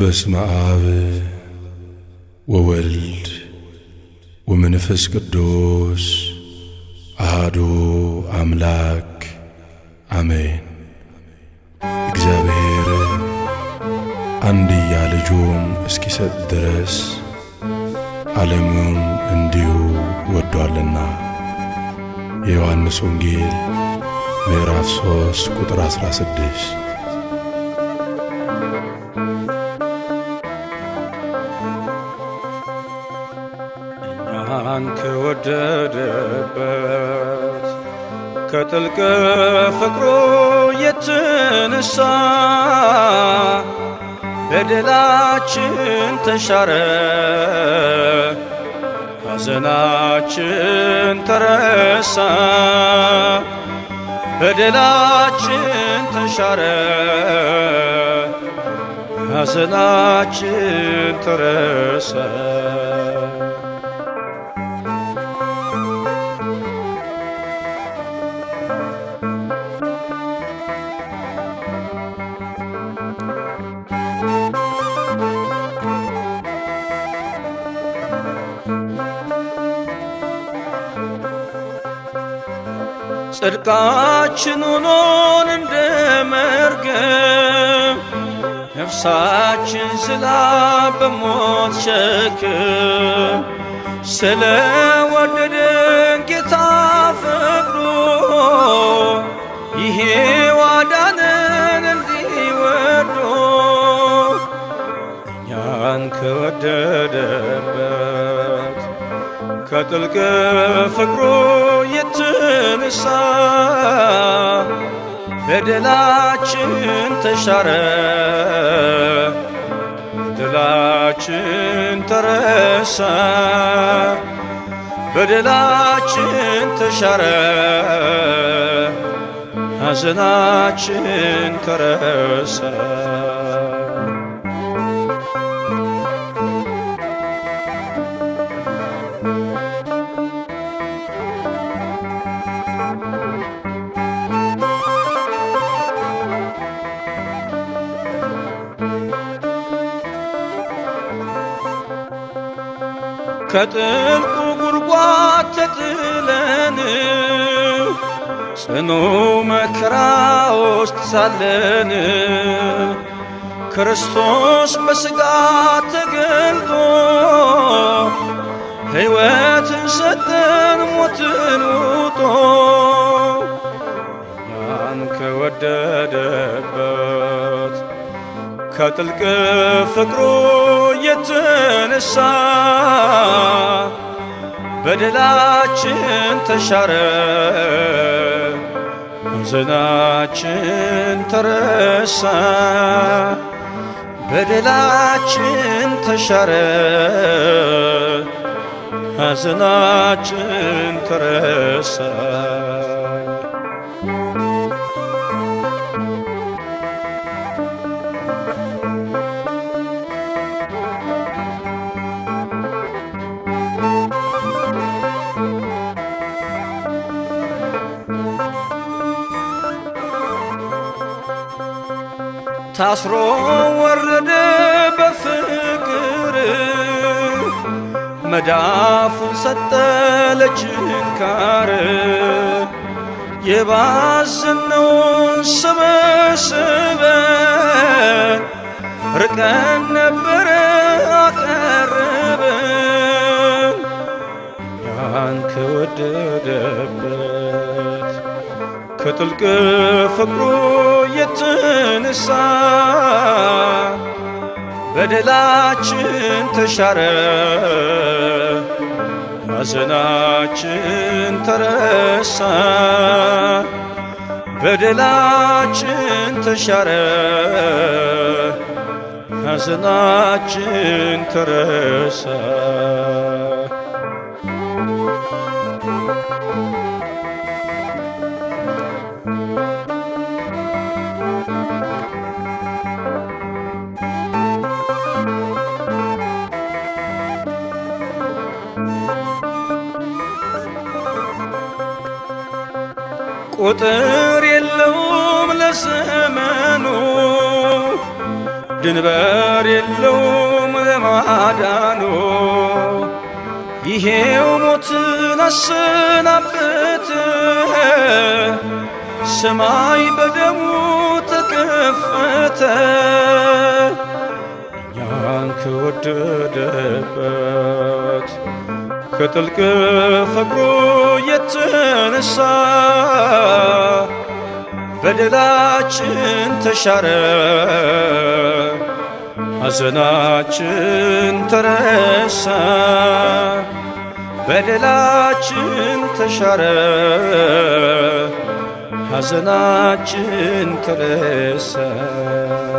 በስመ አብ ወወልድ ወመንፈስ ቅዱስ አሃዱ አምላክ አሜን። እግዚአብሔር አንድያ ልጁን እስኪሰጥ ድረስ ዓለሙን እንዲሁ ወዷልና። የዮሐንስ ወንጌል ምዕራፍ 3 ቁጥር 16 ጌታን ከወደደበት ከጥልቅ ፍቅሩ የተነሳ በደላችን ተሻረ፣ ሐዘናችን ተረሳ። በደላችን ተሻረ፣ ሐዘናችን ተረሳ። ጽድቃችን ሆኖን እንደ መርገም ነፍሳችን ስላ በሞት ሸክም ስለ ወደደን ጌታ ፈቅዶ ይሄ ዋዳንን እንዲወዶ እኛን ከወደደበት ከጥልቅ ፍቅሮ ተነሳ በደላችን ተሻረ በደላችን ተረሳ በደላችን ተሻረ ሐዘናችን ተረሳ ከጥልቁ ጉድጓድ ተጥለን ጽኑ መከራ ውስጥ ሳለን ክርስቶስ በሥጋ ተገልጦ ሕይወትን ሰጠን ሞትን ውጦ እኛን ከወደደበት ከጥልቅ ፍቅሩ የተነሳ በደላችን ተሻረ፣ ሐዘናችን ተረሳ። በደላችን ተሻረ፣ ሐዘናችን ተረሳ። ታስሮ ወረደ በፍቅር መዳፉን ሰጠ ለችንካር የባዝነውን ሰበስበን ርቀን ነበረ አቀረበ! እኛን ከወደደበት ከጥልቅ ፍቅሩ የተነሳ በደላችን ተሻረ፣ ሐዘናችን ተረሳ። በደላችን ተሻረ፣ ሐዘናችን ተረሳ። ቁጥር የለውም ለዘመኑ ድንበር የለውም ለማዳኑ ይሄው ሞትን አሰናበት ሰማይ በደሙ ተከፈተ እኛን ከወደደበት ከጥልቅ ፍቅሩ የተነሳ በደላችን ተሻረ፣ ሐዘናችን ተረሳ። በደላችን ተሻረ፣ ሐዘናችን ተረሳ።